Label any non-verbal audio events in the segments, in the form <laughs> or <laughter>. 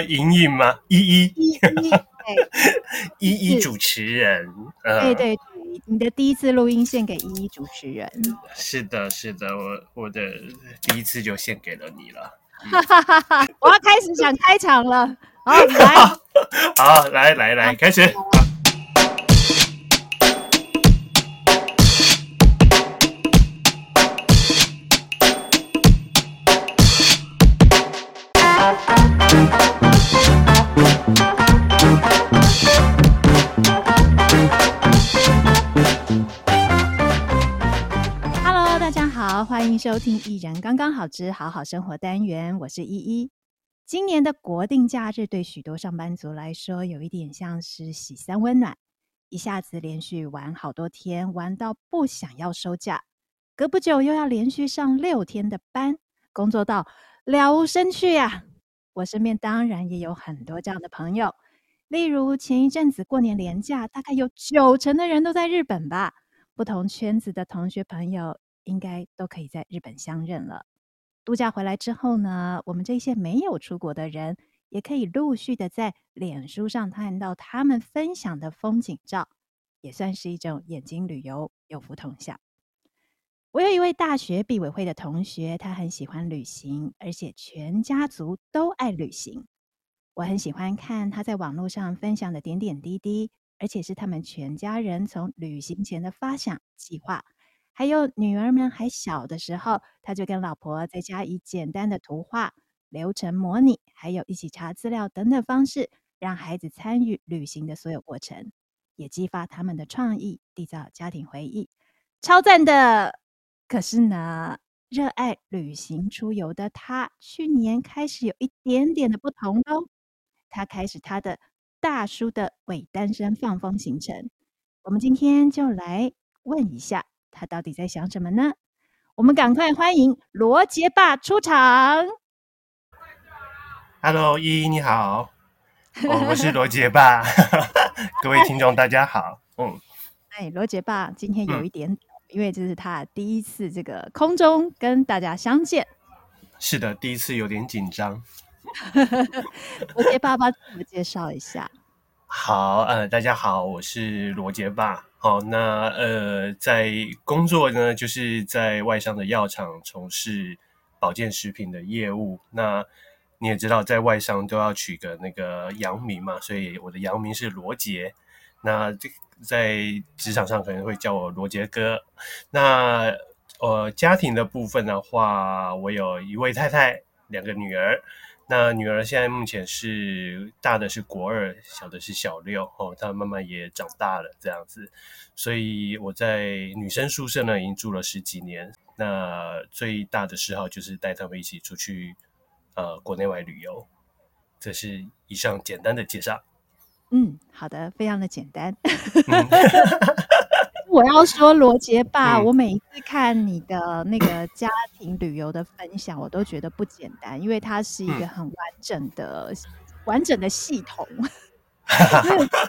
瑩瑩嗎？依依，依依對，依，依， <laughs> 依，依主持人，對對、呃、你的第一次錄音獻給依依主持人，是的，是的，我我的第一次就獻給了你了，嗯、 <laughs> 我要開始想開場了， <laughs> 好來， <laughs> 好來來來好開始。歡迎收聽《一人剛剛好之好好生活單元》，我是依依。今年的國定假日對許多上班族來說，有一點像是洗三溫暖，一下子連續玩好多天，玩到不想要休假。隔不久又要連續上六天的班，工作到了無生趣呀、啊。我身邊當然也有很多這樣的朋友，例如前一陣子過年連假，大概有九成的人都在日本吧。不同圈子的同學朋友。應該都可以在日本相認了。度假回來之後呢，我們這些沒有出國的人也可以陸續的在臉書上看到他們分享的風景照，也算是一種眼睛旅遊，有福同享。我有一位大學畢委會的同學，他很喜歡旅行，而且全家族都愛旅行。我很喜歡看他在網絡上分享的點點滴滴，而且是他們全家人從旅行前的發想計劃。還有女兒們還小的時候，他就跟老婆在家以簡單的圖畫、流程模擬，還有一起查資料等等方式，讓孩子參與旅行的所有過程，也激發他們的創意，締造家庭回憶，超讚的。可是呢，熱愛旅行出遊的他，去年開始有一點點的不同哦，他開始他的大叔的偽單身放風行程。我們今天就來問一下，他到底在想什麼呢？我們趕快歡迎羅杰爸出場。Hello，依依你好，oh, <laughs> 我是羅杰爸， <laughs> 各位聽眾 <laughs> 大家好。嗯，哎，羅杰爸今天有一點，嗯、因為這是他第一次這個空中跟大家相見。是的，第一次有點緊張。羅 <laughs> <laughs> 杰爸爸自我介紹一下。好，呃，大家好，我是羅杰爸。好，那呃，在工作呢，就是在外商的藥廠從事保健食品的業務。那你也知道，在外商都要取個那個洋名嘛，所以我的洋名是羅傑。那這在職場上可能會叫我羅傑哥。那呃，家庭的部分的話，我有一位太太，兩個女兒。那女兒現在目前是大的是國二，小的是小六哦，她慢慢也長大了這樣子，所以我在女生宿舍呢已經住了十幾年。那最大的嗜好，就是帶她們一起出去呃國內外旅遊。這是以上簡單的介紹。嗯，好的，非常的簡單。 <laughs> <laughs> 我要說羅傑爸，嗯、我每一次看你的那個家庭旅遊的分享，我都覺得不簡單，因為它是一個很完整的、嗯、完整的系統。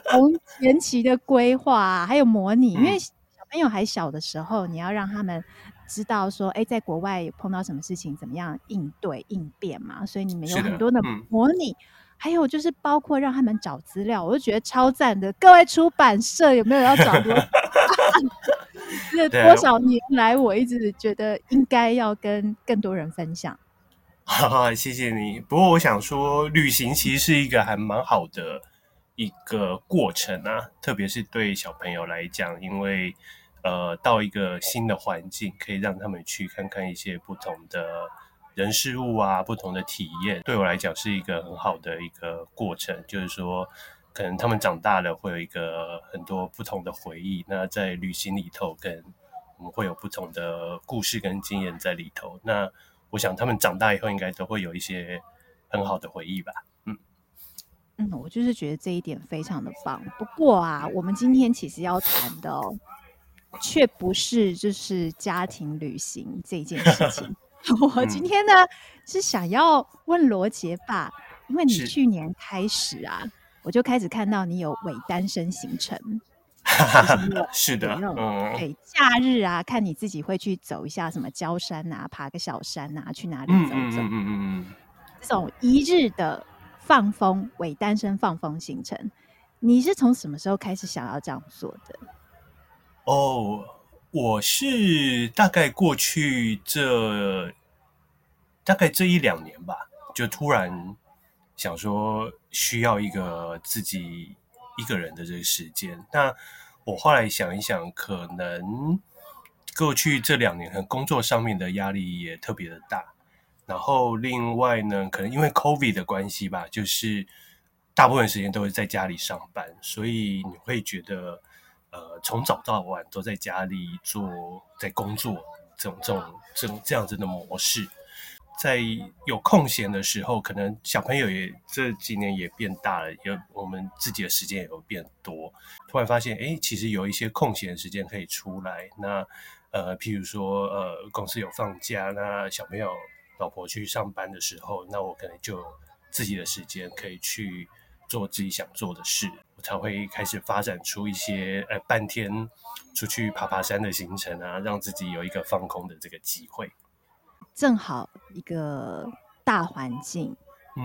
從 <laughs> <laughs> 前期的規劃還有模擬，嗯、因為小朋友還小的時候，你要讓他們知道說，哎、欸，在國外碰到什麼事情，怎麼樣應對應變嘛，所以你們有很多的模擬。還有就是包括讓他們找資料，我就覺得超讚的。各位出版社有沒有要找多？這 <laughs> <laughs> 多少年來我一直覺得應該要跟更多人分享 <laughs> 好好。謝謝你。不過我想說，旅行其實是一個還蠻好的一個過程啊，特別是對小朋友來講，因為呃，到一個新的環境，可以讓他們去看看一些不同的。人事物啊，不同的體驗對我來講是一個很好的一個過程。就是說，可能他們長大了會有一個很多不同的回憶。那在旅行裡頭跟，跟我們會有不同的故事跟經驗在裡頭。那我想他們長大以後應該都會有一些很好的回憶吧。嗯，嗯，我就是覺得這一點非常的棒。不過啊，我們今天其實要談的，卻不是就是家庭旅行這件事情。 <laughs> <laughs> 我今天呢、嗯、是想要問羅傑爸，因為你去年開始啊，是我就開始看到你有偽單身行程， <laughs> 是的，對，假日啊，嗯、看你自己會去走一下什麼郊山啊，爬個小山啊，去哪裡走走，嗯嗯嗯、這種一日的放風偽單身放風行程，你是從什麼時候開始想要這樣做的？哦。我是大概過去這大概這一兩年吧，就突然想說需要一個自己一個人的這個時間。那我後來想一想，可能過去這兩年可能工作上面的壓力也特別的大。然後另外呢，可能因為 COVID 的關係吧，就是大部分時間都是在家裡上班，所以你會覺得。呃，從早到晚都在家裡做，在工作，這種這種這種這樣子的模式，在有空閒的時候，可能小朋友也這幾年也變大了，也我們自己的時間也會變多，突然發現，哎、欸，其實有一些空閒時間可以出來。那呃，譬如說，呃，公司有放假，那小朋友、老婆去上班的時候，那我可能就自己的時間可以去。做自己想做的事，我才會開始發展出一些呃，半天出去爬爬山的行程啊，讓自己有一個放空的這個機會。正好一個大環境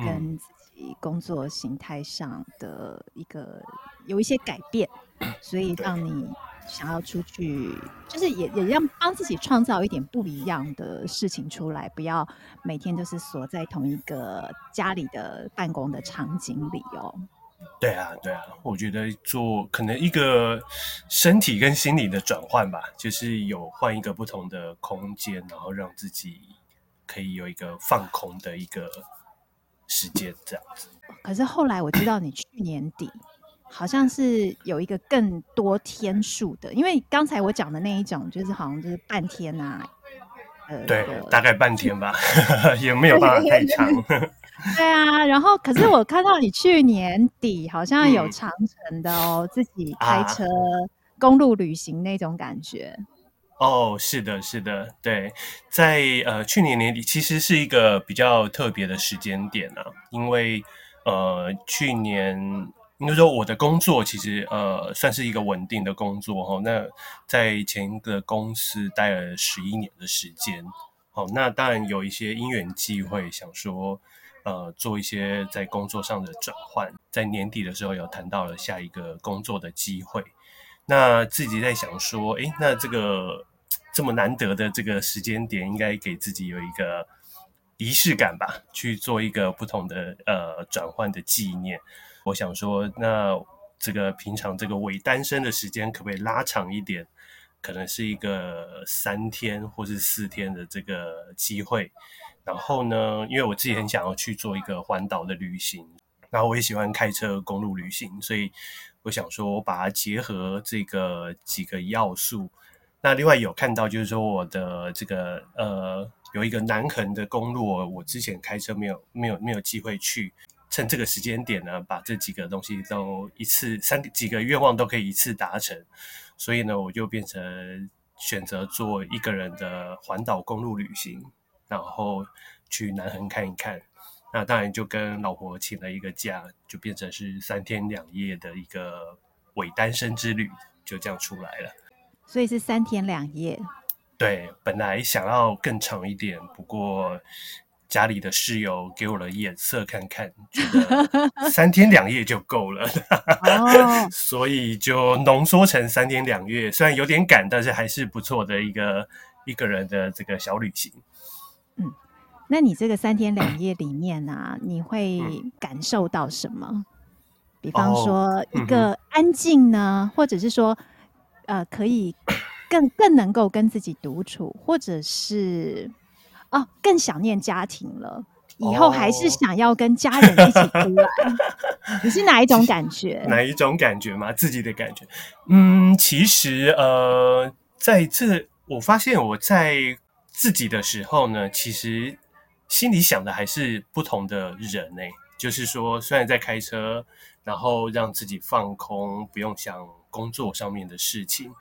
跟自己工作形態上的一個有一些改變，嗯、所以讓你、嗯。想要出去，就是也也要幫自己創造一點不一樣的事情出來，不要每天都是鎖在同一個家裡的辦公的場景裡哦。對啊，對啊，我覺得做可能一個身體跟心理的轉換吧，就是有換一個不同的空間，然後讓自己可以有一個放空的一個時間這樣子。可是後來我知道你去年底。 <coughs> 好像是有一個更多天數的，因為剛才我講的那一種，就是好像就是半天啊，呃、對，對大概半天吧，對呵呵也沒有辦法太長。對啊，然後可是我看到你去年底好像有長程的哦，嗯、自己開車、啊、公路旅行那種感覺。哦，是的，是的，對，在呃去年年底其實是一個比較特別的時間點啊，因為呃去年。你說我的工作其實呃算是一個穩定的工作哈，那在前一個公司待了十一年的時間，哦，那當然有一些因緣際會想說呃做一些在工作上的轉換，在年底的時候有談到了下一個工作的機會，那自己在想說，哎、欸，那這個這麼難得的這個時間點，應該給自己有一個儀式感吧，去做一個不同的呃轉換的紀念。我想說，那這個平常這個偽單身的時間，可不可以拉長一點？可能是一個三天或是四天的這個機會。然後呢，因為我自己很想要去做一個環島的旅行，然後我也喜歡開車公路旅行，所以我想說我把它結合這個幾個要素。那另外有看到就是說，我的這個呃，有一個南橫的公路，我之前開車沒有沒有沒有機會去。趁這個時間點呢，把這幾個東西都一次三幾個願望都可以一次達成，所以呢，我就變成選擇做一個人的環島公路旅行，然後去南橫看一看。那當然就跟老婆請了一個假，就變成是三天兩夜的一個偽單身之旅，就這樣出來了。所以是三天兩夜。對，本來想要更長一點，不過。家裡的室友給我了眼色，看看覺得三天兩夜就夠了， <laughs> <laughs> 所以就濃縮成三天兩夜。雖然有點趕，但是還是不錯的一個一個人的這個小旅行。嗯，那你這個三天兩夜裡面啊， <coughs> 你會感受到什麼？嗯，比方說一個安靜呢， <coughs> 或者是說呃，可以更更能夠跟自己獨處，或者是。哦，更想念家庭了，以後還是想要跟家人一起出來。你、哦、 <laughs> 是哪一種感覺？哪一種感覺嗎？自己的感覺。嗯，其實呃，在這我發現我在自己的時候呢，其實心裡想的還是不同的人誒、欸。就是說，雖然在開車，然後讓自己放空，不用想工作上面的事情。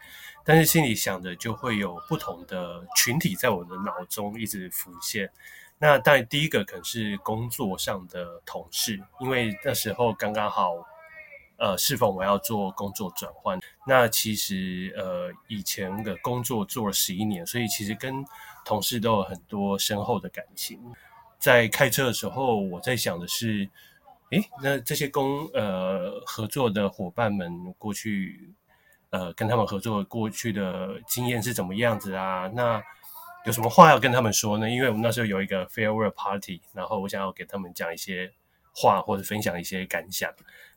但是心裡想着，就會有不同的群體在我的腦中一直浮現。那當然，第一個可能是工作上的同事，因為那時候剛剛好，呃，是否我要做工作轉換？那其實，呃，以前的工作做了十一年，所以其實跟同事都有很多深厚的感情。在開車的時候，我在想的是，誒、欸，那這些工，呃，合作的夥伴們過去。呃，跟他們合作過去的經驗是怎麼樣子啊？那有什麼話要跟他們說呢？因為我們那時候有一個 farewell party，然後我想要給他們講一些話或者分享一些感想。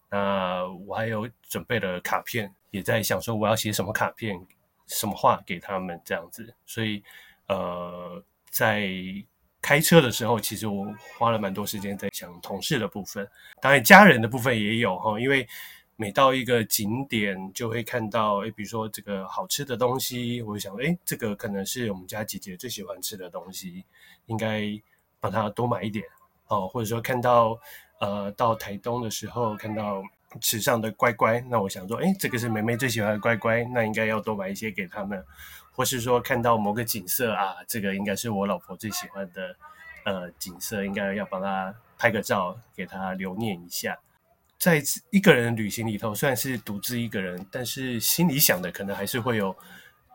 那，呃，我還有準備了卡片，也在想說我要寫什麼卡片、什麼話給他們這樣子。所以，呃，在開車的時候，其實我花了蠻多時間在想同事的部分，當然家人的部分也有哈，因為。每到一個景點，就會看到哎，比如說這個好吃的東西，我就想哎，這個可能是我們家姐姐最喜歡吃的東西，應該把它多買一點哦。或者說看到呃，到台東的時候看到池上的乖乖，那我想說哎，這個是妹妹最喜歡的乖乖，那應該要多買一些給她們。或是說看到某個景色啊，這個應該是我老婆最喜歡的呃景色，應該要幫她拍個照，給她留念一下。在一個人旅行裡頭，雖然是獨自一個人，但是心裡想的可能還是會有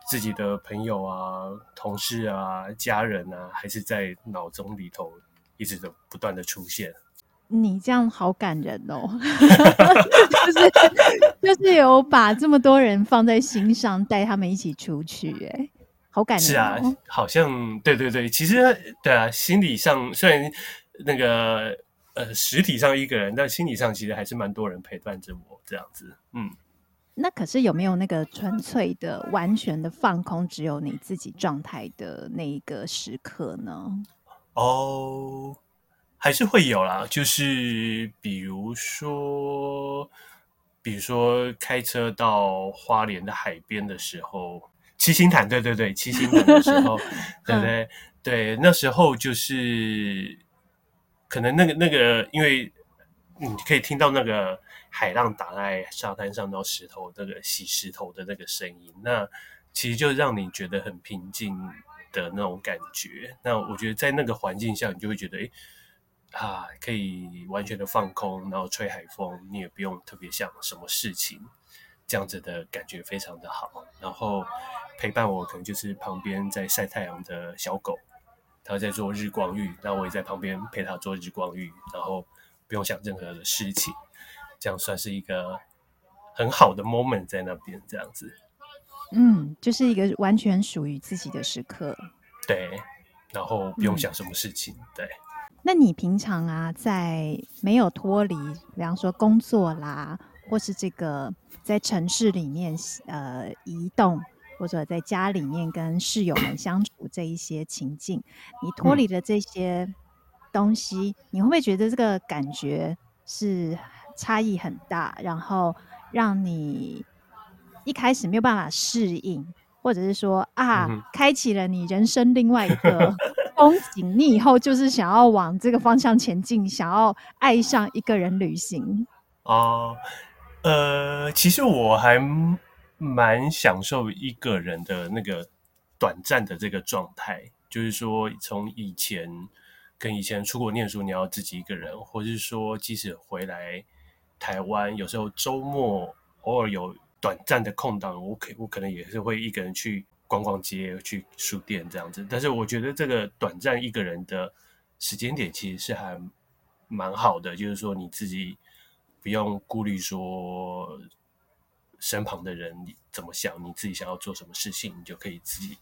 自己的朋友啊、同事啊、家人啊，還是在腦中裡頭一直都不斷的出現。你這樣好感人哦， <laughs> <laughs> 就是就是有把這麼多人放在心上，帶他們一起出去，欸，哎，好感人哦。是啊，好像對對對，其實對啊，心理上雖然那個。呃，實體上一個人，但心理上其實還是蠻多人陪伴着我這樣子。嗯，那可是有沒有那個純粹的、完全的放空、只有你自己狀態的那一個時刻呢？哦，還是會有啦。就是比如說，比如說開車到花蓮的海邊的時候，七星潭，對對對，七星潭的時候， <laughs> 對，對對，嗯、對，那時候就是。可能那個那個，因為你可以聽到那個海浪打在沙灘上，然後石頭那個洗石頭的那個聲音，那其實就讓你覺得很平靜的那種感覺。那我覺得在那個環境下，你就會覺得，哎，啊，可以完全的放空，然後吹海風，你也不用特別想什麼事情，這樣子的感覺非常的好。然後陪伴我，可能就是旁邊在曬太陽的小狗。他在做日光浴，那我也在旁邊陪他做日光浴，然後不用想任何的事情，這樣算是一個很好的 moment 在那邊這樣子，嗯，就是一個完全屬於自己的時刻，對，然後不用想什麼事情，嗯、對。那你平常啊，在沒有脫離，比方說工作啦，或是這個在城市裡面呃移動。或者在家裡面跟室友們相處這一些情境，你脫離了這些東西，嗯、你會不會覺得這個感覺是差異很大？然後讓你一開始沒有辦法適應，或者是說啊，嗯、哼開啟了你人生另外一個 <laughs> 風景。你以後就是想要往這個方向前進，想要愛上一個人旅行？哦，呃，其實我還。蠻享受一個人的那個短暫的這個狀態，就是說，從以前跟以前出國念書，你要自己一個人，或是說，即使回來台灣，有時候週末偶爾有短暫的空檔，我可我可能也是會一個人去逛逛街，去書店這樣子。但是我覺得這個短暫一個人的時間點，其實是還蠻好的，就是說你自己不用顧慮說。身旁的人你怎麼想？你自己想要做什麼事情，你就可以自己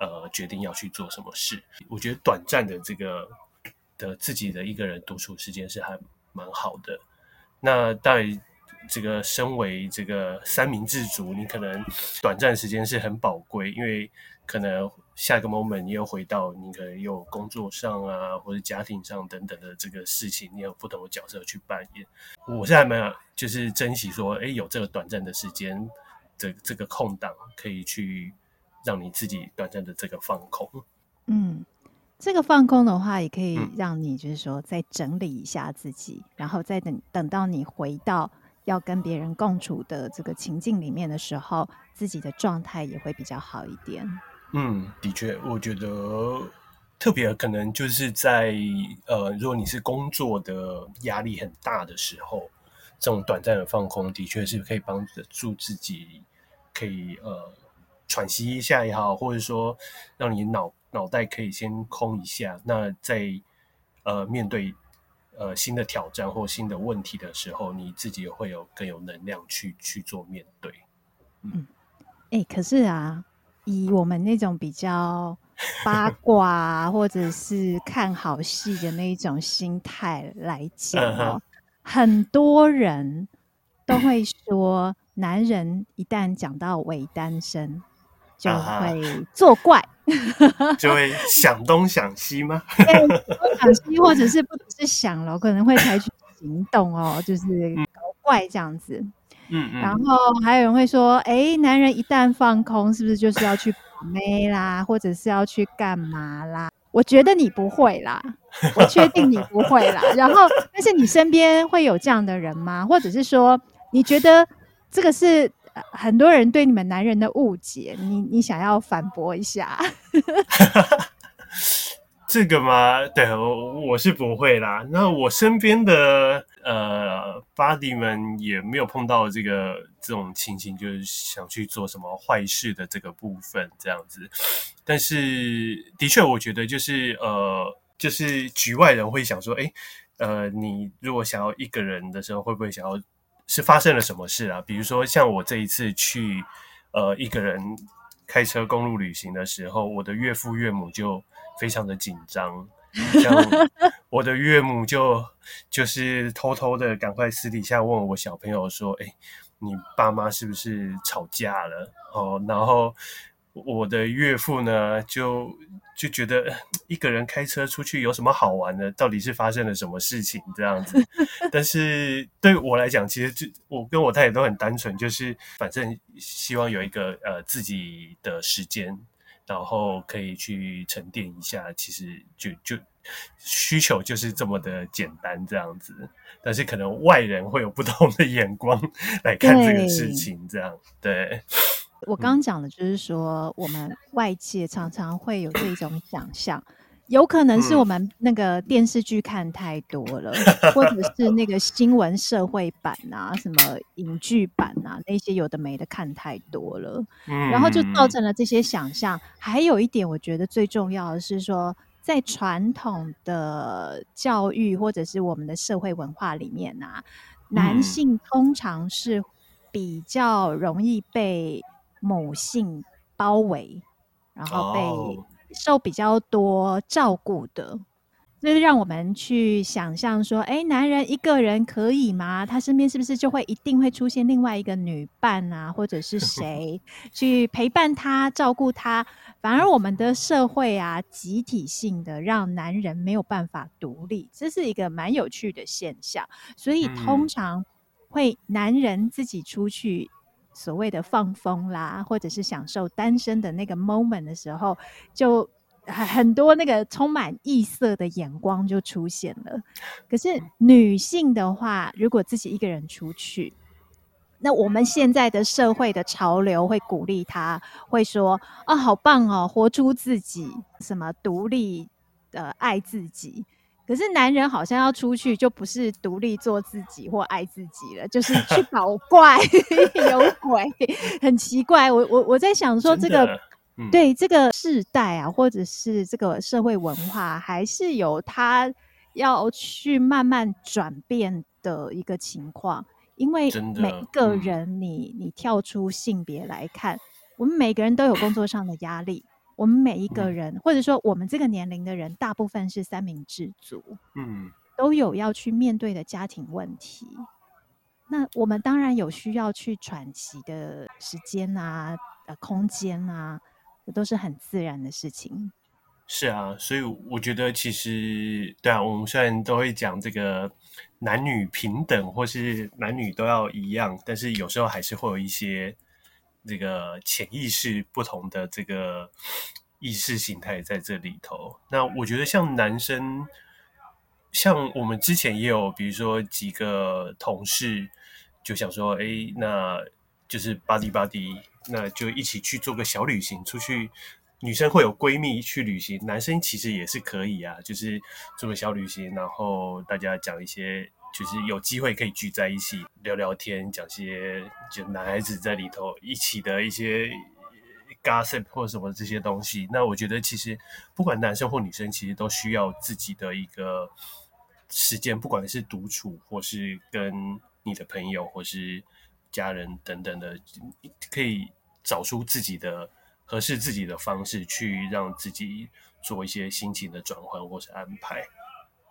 呃決定要去做什麼事。我覺得短暫的這個的自己的一個人獨處時間是還蠻好的。那在這個身為這個三明治族，你可能短暫時間是很寶貴，因為可能。下一個 moment，你又回到你可能有工作上啊，或者家庭上等等的這個事情，你有不同的角色去扮演。我現在沒有，就是珍惜說，哎、欸，有這個短暫的時間，這個、這個空檔可以去讓你自己短暫的這個放空。嗯，這個放空的話，也可以讓你就是說再整理一下自己，嗯、然後再等等到你回到要跟別人共處的這個情境裡面的時候，自己的狀態也會比較好一點。嗯，的確，我覺得特別可能就是在呃，如果你是工作的壓力很大的時候，這種短暫的放空，的確是可以幫助自己，可以呃喘息一下也好，或者說讓你腦腦袋可以先空一下，那在呃面對呃新的挑戰或新的問題的時候，你自己也會有更有能量去去做面對。嗯，哎、欸，可是啊。以我們那種比較八卦、啊、或者是看好戲的那一種心態來講，哦，uh huh. 很多人都會說，男人一旦講到偽單身，uh huh. 就會作怪， <laughs> 就會想東想西嗎？對，想 <laughs> 西或者是不只是想了，可能會採取行動哦， <coughs> 就是搞怪這樣子。嗯，嗯，然後還有人會說，哎、欸，男人一旦放空，是不是就是要去把妹啦， <laughs> 或者是要去幹嘛啦？我覺得你不會啦，我確定你不會啦。 <laughs> 然後，但是你身邊會有這樣的人嗎？或者是說，你覺得這個是很多人對你們男人的誤解？你你想要反駁一下？ <laughs> <laughs> 這個嗎？對我，我是不會啦。那我身邊的。呃，body 們也沒有碰到這個這種情形，就是想去做什麼壞事的這個部分，這樣子。但是，的確，我覺得就是呃，就是局外人會想說，欸，呃，你如果想要一個人的時候，會不會想要是發生了什麼事啊？比如說，像我這一次去，呃，一個人開車公路旅行的時候，我的岳父岳母就非常的緊張。像我的岳母，就就是偷偷的趕快私底下問我小朋友說，哎，你爸媽是不是吵架了？哦，然後我的岳父呢，就就覺得一個人開車出去有什麼好玩的？到底是發生了什麼事情，這樣子。但是對我來講，其實就我跟我太太都很單純，就是反正希望有一個呃自己的時間。然後可以去沉澱一下，其實就就需求就是這麼的簡單這樣子，但是可能外人會有不同的眼光來看這個事情，這樣對，對我剛講的，就是說 <laughs> 我們外界常常會有這種想象 <coughs> 有可能是我們那個電視劇看太多了，嗯、 <laughs> 或者是那個新聞社會版啊，什麼影劇版啊，那些有的沒的看太多了，嗯、然後就造成了這些想象。還有一點，我覺得最重要的是說，在傳統的教育或者是我們的社會文化裡面啊，男性通常是比較容易被母性包圍，然後被、哦。受比較多照顧的，那就讓我們去想象說：欸，男人一個人可以嗎？他身邊是不是就會一定會出現另外一個女伴啊，或者是誰 <laughs> 去陪伴他、照顧他？反而我們的社會啊，集體性的讓男人沒有辦法獨立，這是一個蠻有趣的現象。所以通常會男人自己出去。所謂的放風啦，或者是享受單身的那個 moment 的時候，就很多那個充滿異色的眼光就出現了。可是女性的話，如果自己一個人出去，那我們現在的社會的潮流會鼓勵她，會說啊，好棒哦，活出自己，什麼獨立，的、呃、愛自己。可是男人好像要出去，就不是獨立做自己或愛自己了，就是去搞怪、 <laughs> <laughs> 有鬼，很奇怪。我我我在想說，這個、啊嗯、對這個世代啊，或者是這個社會文化，還是有他要去慢慢轉變的一個情況，因為每一個人你，你、啊嗯、你跳出性別來看，我們每個人都有工作上的壓力。我們每一個人，或者說我們這個年齡的人，大部分是三明治族，嗯，都有要去面對的家庭問題。那我們當然有需要去喘息的時間啊，呃，空間啊，這都是很自然的事情。是啊，所以我覺得其實對啊，我們雖然都會講這個男女平等，或是男女都要一樣，但是有時候還是會有一些。這個潛意識不同的這個意識形態在這裡頭。那我覺得像男生，像我們之前也有，比如說幾個同事就想說，哎，那就是 buddy buddy，那就一起去做個小旅行。出去女生會有閨蜜去旅行，男生其實也是可以啊，就是做個小旅行，然後大家講一些。就是有機會可以聚在一起聊聊天，講些就男孩子在裡頭一起的一些 gossip 或者什麼這些東西。那我覺得其實不管男生或女生，其實都需要自己的一個時間，不管是獨處，或是跟你的朋友，或是家人等等的，可以找出自己的合適自己的方式，去讓自己做一些心情的轉換或是安排。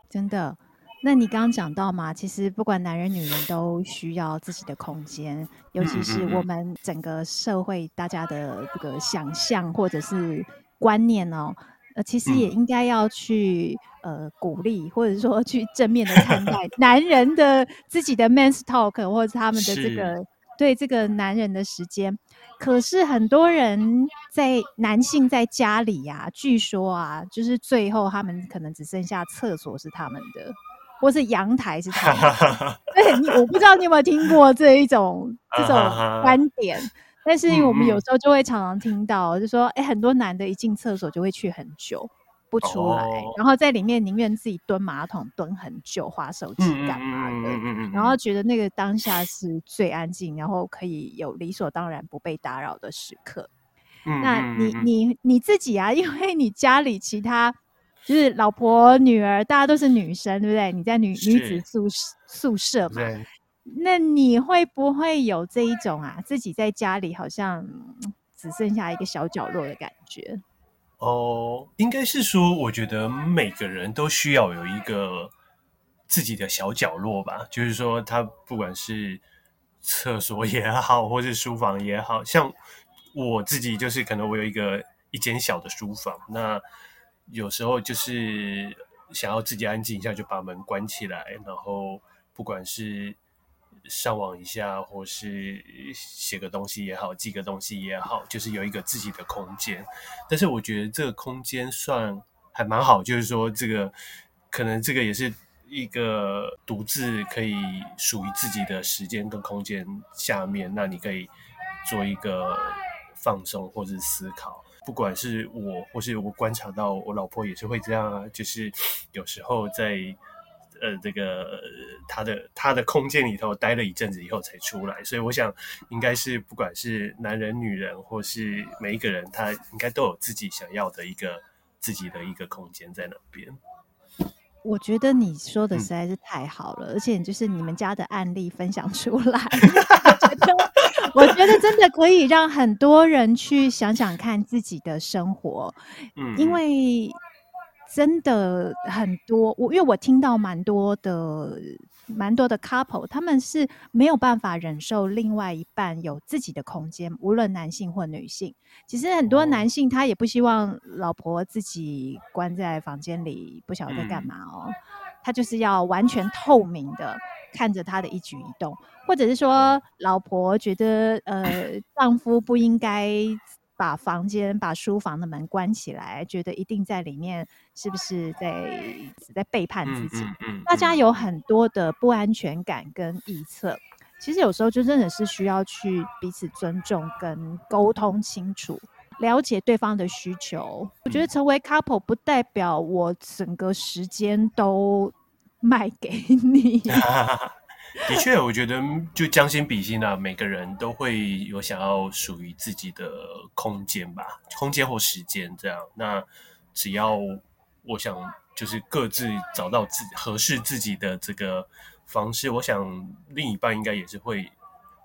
真的。那你剛剛講到嘛，其實不管男人女人，都需要自己的空間，尤其是我們整個社會大家的這個想象或者是觀念哦。呃，其實也應該要去、嗯、呃鼓勵，或者說去正面的看待男人的自己的 m e n s talk， <laughs> 或者是他們的這個是對這個男人的時間。可是很多人在男性在家裡呀、啊，據說啊，就是最後他們可能只剩下廁所是他們的。或是陽臺是他的， <laughs> 對，你，我不知道你有沒有聽過這一種 <laughs> 這種觀點，啊、哈哈但是我們有時候就會常常聽到，就是說，哎、嗯欸，很多男的一進廁所就會去很久不出來，哦、然後在裡面寧願自己蹲馬桶蹲很久，滑手機幹嘛的，嗯、然後覺得那個當下是最安靜，然後可以有理所當然不被打擾的時刻。嗯、那你你你自己啊，因為你家裡其他。就是老婆、女兒，大家都是女生，對不對？你在女女子宿宿舍嘛，對那你會不會有這一種啊？自己在家裡好像只剩下一個小角落的感覺？哦、呃，應該是說，我覺得每個人都需要有一個自己的小角落吧。就是說，他不管是廁所也好，或是書房也好，像我自己，就是可能我有一個一間小的書房，那。有時候就是想要自己安靜一下，就把門關起來，然後不管是上網一下，或是寫個東西也好，記個東西也好，就是有一個自己的空間。但是我覺得這個空間算還蠻好，就是說這個可能這個也是一個獨自可以屬於自己的時間跟空間下面，那你可以做一個放鬆或是思考。不管是我或是我觀察到，我老婆也是會這樣啊。就是有時候在呃這個她、呃、的她的空間裡頭待了一陣子以後才出來，所以我想應該是不管是男人、女人或是每一個人，他應該都有自己想要的一個自己的一個空間在那邊。我覺得你說的實在是太好了，嗯、而且就是你們家的案例分享出來。 <laughs> <laughs> 我覺得真的可以讓很多人去想想看自己的生活，嗯，因為真的很多，我因為我聽到蠻多的蠻多的 couple，他們是沒有辦法忍受另外一半有自己的空間，無論男性或女性。其實很多男性他也不希望老婆自己關在房間裡不曉得幹嘛哦，嗯，他就是要完全透明的看着他的一舉一動。或者是說，老婆覺得呃，丈夫不應該把房間、把書房的門關起來，覺得一定在裡面，是不是在在背叛自己？嗯嗯嗯嗯、大家有很多的不安全感跟臆測，其實有時候就真的是需要去彼此尊重、跟溝通清楚、了解對方的需求。嗯、我覺得成為 couple 不代表我整個時間都賣給你。 <laughs> <laughs> 的確，我覺得就將心比心啦、啊。每個人都會有想要屬於自己的空間吧，空間或時間這樣。那只要我想，就是各自找到自己合適自己的這個方式。我想另一半應該也是會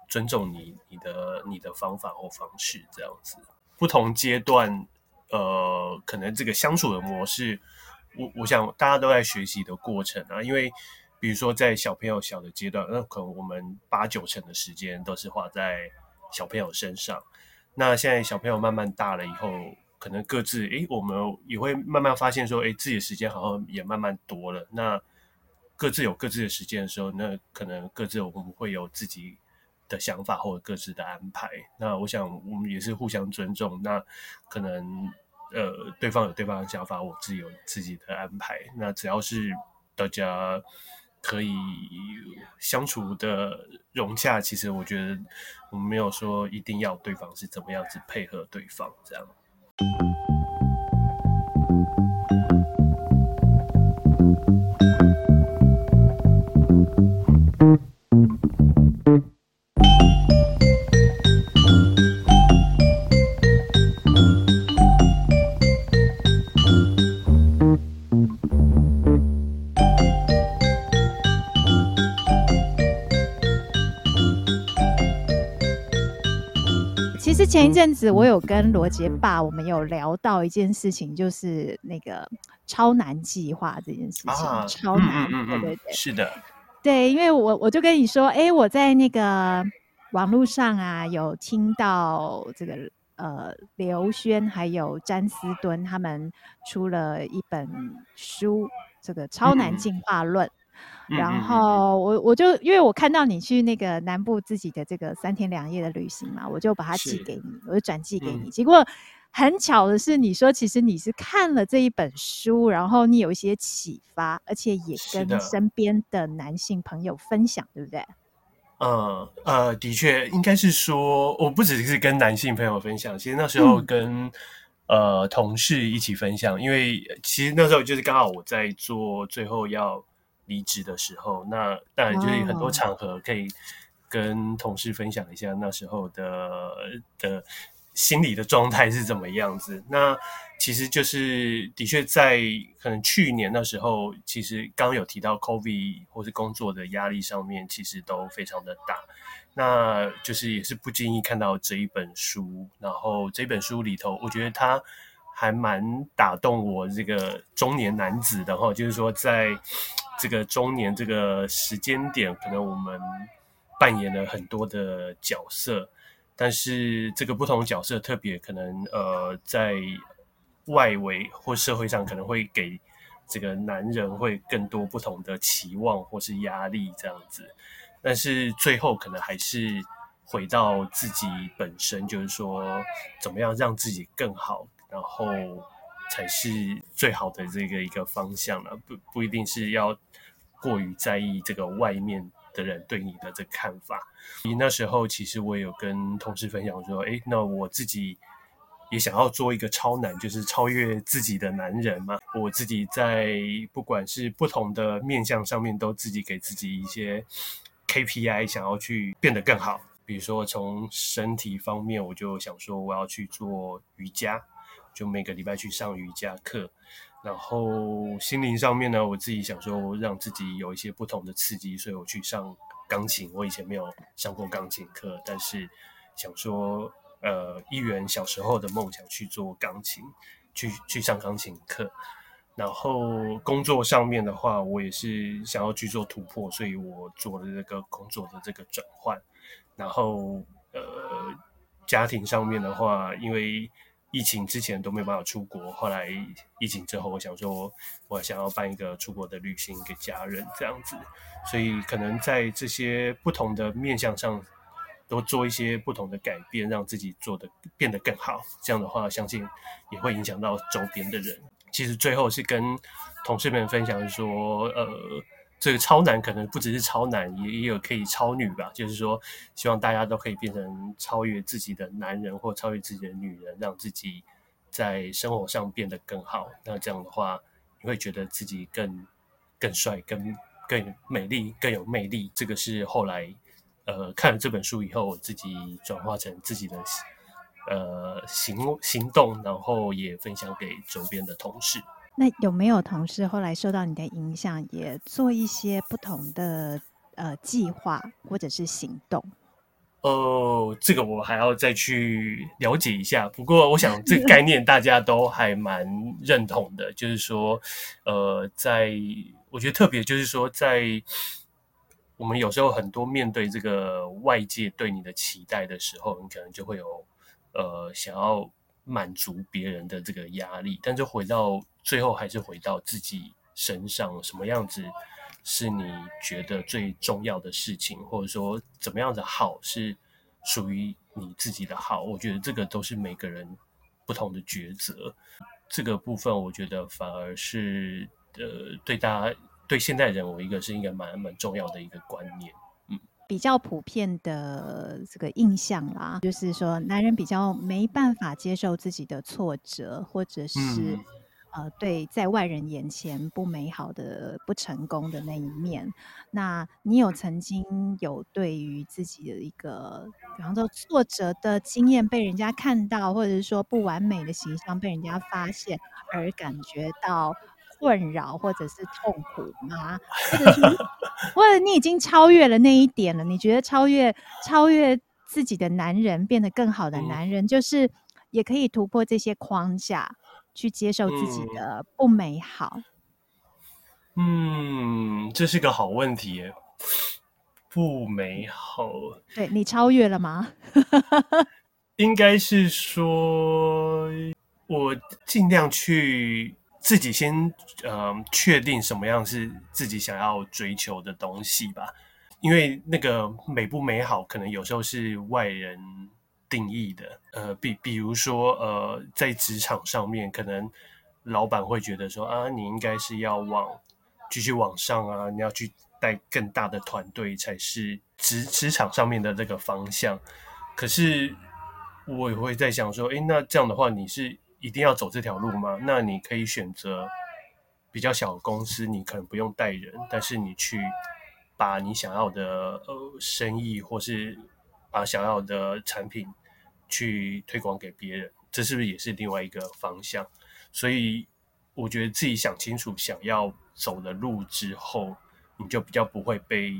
尊重你、你的、你的方法或方式這樣子。不同階段，呃，可能這個相處的模式，我我想大家都在學習的過程啊，因為。比如說，在小朋友小的階段，那可能我們八九成的時間都是花在小朋友身上。那現在小朋友慢慢大了以後，可能各自誒，我們也會慢慢發現說，誒，自己的時間好像也慢慢多了。那各自有各自的時間的時候，那可能各自我們會有自己的想法或者各自的安排。那我想我們也是互相尊重。那可能呃，對方有對方的想法，我自己有自己的安排。那只要是大家，可以相處的融洽，其實我覺得我們沒有說一定要對方是怎麼樣子配合對方，這樣。陣子我有跟羅傑爸，我們有聊到一件事情，就是那個超男計劃這件事情，啊、超男，嗯嗯嗯對不對，對？是的，對，因為我我就跟你說，哎、欸，我在那個網絡上啊，有聽到這個呃劉軒還有詹思敦他們出了一本書，這個超男進化論。嗯嗯然後我我就因為我看到你去那個南部自己的這個三天兩夜的旅行嘛，我就把它寄給你，是我就轉寄給你。嗯、結果很巧的是，你說其實你是看了這一本書，然後你有一些啟發，而且也跟身邊的男性朋友分享，的對不對？嗯呃，的確應該是說，我不只是跟男性朋友分享，其實那時候跟、嗯、呃同事一起分享，因為其實那時候就是剛好我在做最後要。離職的時候，那當然就是很多場合可以跟同事分享一下那時候的的心理的狀態是怎麼樣子。那其實就是的確在可能去年那時候，其實剛有提到 COVID 或是工作的壓力上面，其實都非常的大。那就是也是不經意看到這一本書，然後這本書裡頭，我覺得他還蠻打動我這個中年男子的哈，就是說在。這個中年這個時間點，可能我們扮演了很多的角色，但是這個不同角色，特別可能呃，在外圍或社會上，可能會給這個男人會更多不同的期望或是壓力這樣子，但是最後可能還是回到自己本身，就是說怎麼樣讓自己更好，然後。才是最好的這個一個方向了，啊，不不一定是要過於在意這個外面的人對你的這看法。你那時候其實我也有跟同事分享說，哎、欸，那我自己也想要做一個超男，就是超越自己的男人嘛。我自己在不管是不同的面向上面，都自己給自己一些 KPI，想要去變得更好。比如說，從身體方面，我就想說我要去做瑜伽。就每個禮拜去上瑜伽課，然後心靈上面呢，我自己想說讓自己有一些不同的刺激，所以我去上鋼琴。我以前沒有上過鋼琴課，但是想說，呃，圓小時候的夢想去做鋼琴，去去上鋼琴課。然後工作上面的話，我也是想要去做突破，所以我做了這個工作的這個轉換。然後，呃，家庭上面的話，因為。疫情之前都沒有辦法出國，後來疫情之後，我想說，我想要辦一個出國的旅行給家人這樣子，所以可能在這些不同的面向上，都做一些不同的改變，讓自己做得變得更好。這樣的話，相信也會影響到周邊的人。其實最後是跟同事們分享說，呃。這個超男可能不只是超男，也也有可以超女吧，就是說，希望大家都可以變成超越自己的男人或超越自己的女人，讓自己在生活上變得更好。那這樣的話，你會覺得自己更更帥、更更美麗、更有魅力。這個是後來呃看了這本書以後，我自己轉化成自己的呃行行動，然後也分享給周邊的同事。那有沒有同事後來受到你的影響，也做一些不同的呃計劃或者是行動？哦、呃，這個我還要再去了解一下。不過，我想這個概念大家都還蠻認同的， <laughs> 就是說，呃，在我覺得特別就是說，在我們有時候很多面對這個外界對你的期待的時候，你可能就會有呃想要。滿足別人的這個壓力，但是回到最後，還是回到自己身上，什麼樣子是你覺得最重要的事情，或者說怎麼樣子好是屬於你自己的好。我覺得這個都是每個人不同的抉擇。這個部分，我覺得反而是呃，對大家對現代人，我一個是一個蠻蠻重要的一個觀念。比較普遍的這個印象啦，就是說男人比較沒辦法接受自己的挫折，或者是呃，對在外人眼前不美好的、不成功的那一面。那你有曾經有對於自己的一個，比方說挫折的經驗被人家看到，或者是說不完美的形象被人家發現，而感覺到困擾或者是痛苦嗎？或者是，或者你已經超越了那一點了？你覺得超越超越自己的男人，變得更好的男人，嗯、就是也可以突破這些框架，去接受自己的不美好。嗯，嗯，這是個好問題。不美好。對，你超越了嗎？ <laughs> 應該是說，我盡量去。自己先呃確定什麼樣是自己想要追求的東西吧，因為那個美不美好，可能有時候是外人定義的呃。呃，比比如說呃，在職場上面，可能老板會覺得說啊，你應該是要往繼續往上啊，你要去帶更大的團隊才是職職場上面的這個方向。可是我也會在想說，誒、欸，那這樣的話你是？一定要走這條路嗎？那你可以選擇比較小的公司，你可能不用帶人，但是你去把你想要的呃生意或是把想要的產品去推廣給別人，這是不是也是另外一個方向？所以我覺得自己想清楚想要走的路之後，你就比較不會被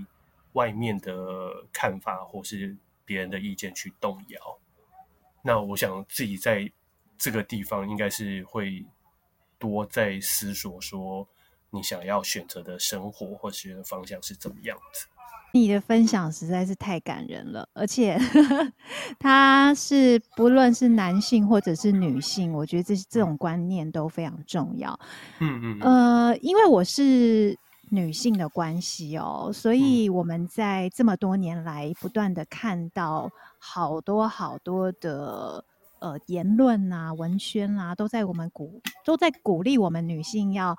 外面的看法或是別人的意見去動搖。那我想自己在。這個地方應該是會多在思索，說你想要選擇的生活或是方向是怎麼樣子。你的分享實在是太感人了，而且呵呵他是不論是男性或者是女性，嗯、我覺得這這種觀念都非常重要。嗯，嗯嗯。呃，因為我是女性的關係哦，所以我們在這麼多年來不斷的看到好多好多的。呃，言論啊，文宣啊，都在我們鼓，都在鼓勵我們女性要，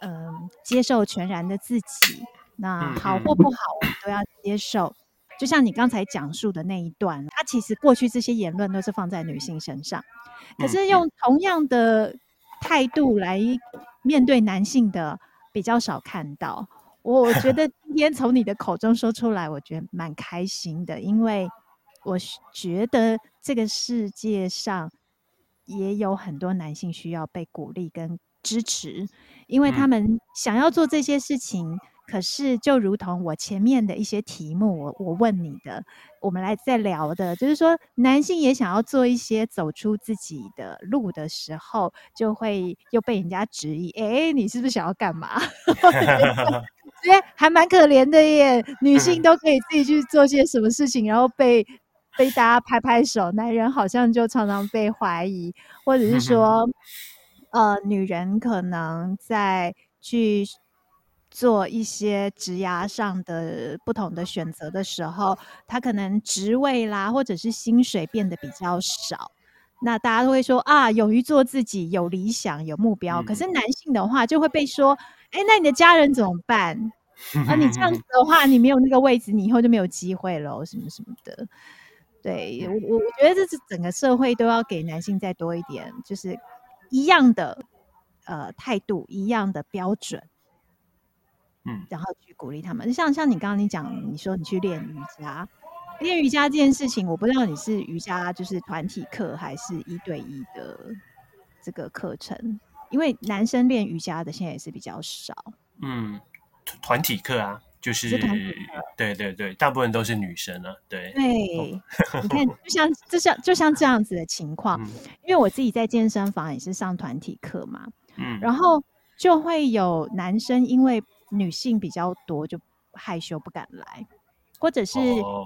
嗯、呃，接受全然的自己。那好或不好，我們都要接受。就像你剛才講述的那一段，它其實過去這些言論都是放在女性身上，可是用同樣的態度來面對男性的比較少看到。我覺得今天從你的口中說出來，我覺得蠻開心的，因為我覺得。這個世界上也有很多男性需要被鼓勵跟支持，因為他們想要做這些事情。可是，就如同我前面的一些題目，我我問你的，我們來再聊的，就是說男性也想要做一些走出自己的路的時候，就會又被人家質疑：“哎，你是不是想要幹嘛？”因 <laughs> 為還蠻可憐的耶，女性都可以自己去做些什麼事情，然後被。被大家拍拍手，男人好像就常常被懷疑，或者是說， <laughs> 呃，女人可能在去做一些職涯上的不同的選擇的時候，她可能職位啦，或者是薪水變得比較少，那大家都會說啊，勇於做自己，有理想，有目標。嗯、可是男性的話就會被說，哎、欸，那你的家人怎麼辦？啊，你這樣子的話，你沒有那個位置，你以後就沒有機會嘍，什麼什麼的。對我，我我覺得這是整個社會都要給男性再多一點，就是一樣的呃態度，一樣的標準，嗯，然後去鼓勵他們。像像你剛剛你講，你說你去練瑜伽，練瑜伽這件事情，我不知道你是瑜伽就是團體課還是一對一的這個課程，因為男生練瑜伽的現在也是比較少。嗯，團體課啊。就是，是對對對，大部分都是女生了、啊，對。對，嗯、你看，就像就像就像這樣子的情況， <laughs> 因為我自己在健身房也是上團體課嘛，嗯，然後就會有男生，因為女性比較多，就害羞不敢來，或者是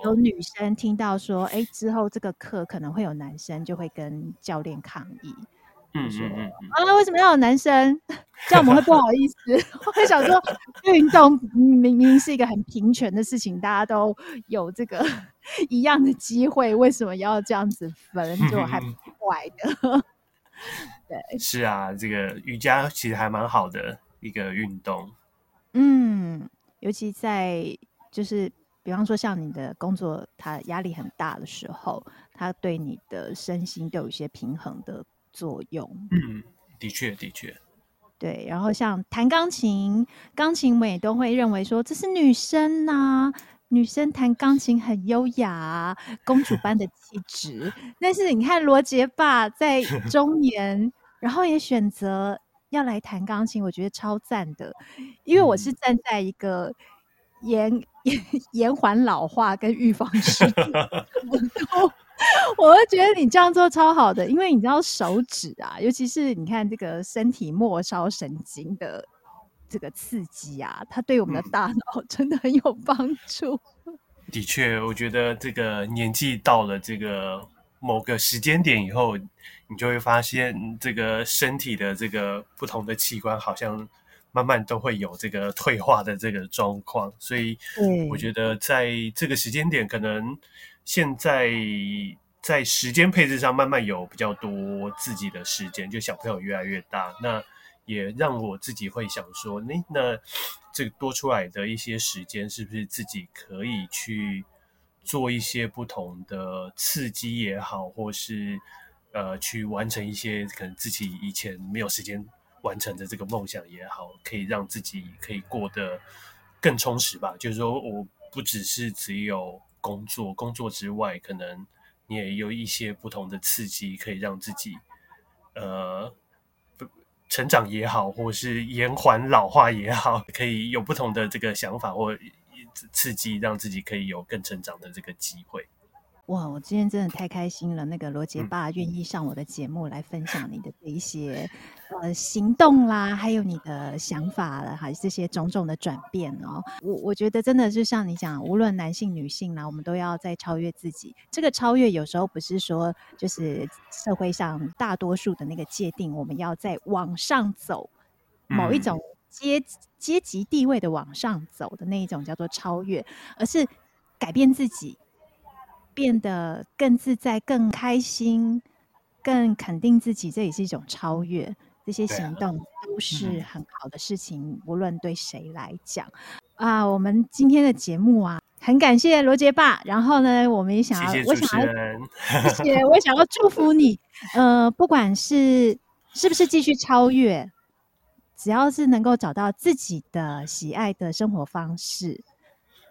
有女生聽到說，哎、哦欸，之後這個課可能會有男生，就會跟教練抗議。嗯，嗯嗯嗯，啊，為什麼要有男生？這樣我們會不好意思。 <laughs> 我會想說，運動明明是一個很平權的事情，大家都有這個一樣的機會，為什麼要這樣子分？就、嗯嗯、還怪的。 <laughs> 對，是啊，這個瑜伽其實還蠻好的一個運動。嗯，尤其在就是，比方說像你的工作，他壓力很大的時候，他對你的身心都有一些平衡的作用，嗯，的確的確，對。然後像彈鋼琴，鋼琴我們也都會認為說這是女生吶、啊，女生彈鋼琴很優雅、啊，公主般的氣質。 <laughs> 但是你看羅傑爸在中年， <laughs> 然後也選擇要來彈鋼琴，我覺得超讚的，因為我是站在一個延延延緩老化跟預防視度。 <laughs> <laughs> <laughs> 我會覺得你這樣做超好的，因為你知道手指啊，尤其是你看這個身體末梢神經的這個刺激啊，它對我們的大腦真的很有幫助。嗯，的確，我覺得這個年紀到了這個某個時間點以後，你就會發現這個身體的這個不同的器官好像慢慢都會有這個退化的這個狀況，所以我覺得在這個時間點可能。現在在時間配置上慢慢有比較多自己的時間，就小朋友越來越大，那也讓我自己會想說，那那這個多出來的一些時間，是不是自己可以去做一些不同的刺激也好，或是呃去完成一些可能自己以前沒有時間完成的這個夢想也好，可以讓自己可以過得更充實吧。就是說，我不只是只有。工作工作之外，可能你也有一些不同的刺激，可以讓自己呃不成長也好，或是延緩老化也好，可以有不同的這個想法或刺激，讓自己可以有更成長的這個機會。哇，我今天真的太開心了！那個羅傑爸願意上我的節目來分享你的這一些，呃，行動啦，還有你的想法啦，還有這些種種的轉變哦、喔。我我覺得真的就像你講，無論男性女性啦，我們都要在超越自己。這個超越有時候不是說就是社會上大多數的那個界定，我們要再往上走，某一種階階級地位的往上走的那一種叫做超越，而是改變自己。變得更自在、更開心、更肯定自己，這也是一種超越。這些行動都是很好的事情，啊、無論對誰來講。啊，我們今天的節目啊，很感謝羅傑爸。然後呢，我們也想要，謝謝，我想要，謝謝，我想要祝福你。 <laughs> 呃，不管是是不是繼續超越，只要是能夠找到自己的喜愛的生活方式，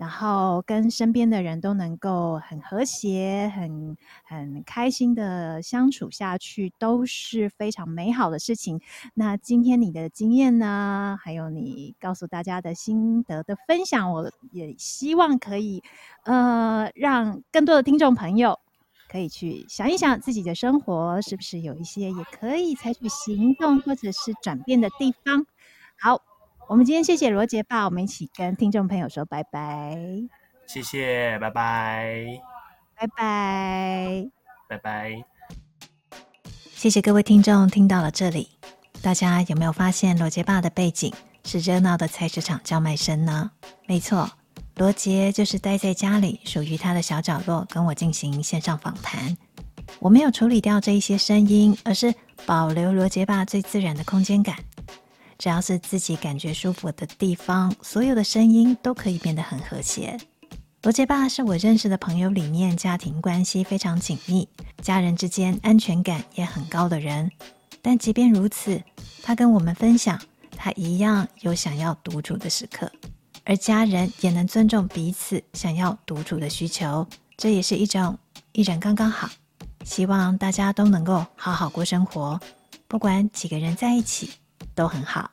然後跟身邊的人都能夠很和諧、很很開心的相處下去，都是非常美好的事情。那今天你的經驗呢，還有你告訴大家的心得的分享，我也希望可以，呃，讓更多的聽眾朋友可以去想一想自己的生活，是不是有一些也可以採取行動或者是轉變的地方。好。我們今天謝謝羅傑爸，我們一起跟聽眾朋友說拜拜。謝謝，拜拜，拜拜，拜拜。謝謝各位聽眾聽到了這裡，大家有沒有發現羅傑爸的背景是熱鬧的菜市場叫賣聲呢？沒錯，羅傑就是待在家裡屬於他的小角落，跟我進行線上訪談。我沒有處理掉這一些聲音，而是保留羅傑爸最自然的空間感。只要是自己感覺舒服的地方，所有的聲音都可以變得很和諧。羅傑爸是我認識的朋友裡面，家庭關係非常緊密，家人之間安全感也很高的人。但即便如此，他跟我們分享，他一樣有想要獨處的時刻，而家人也能尊重彼此想要獨處的需求。這也是一種一人剛剛好。希望大家都能夠好好過生活，不管幾個人在一起。都很好。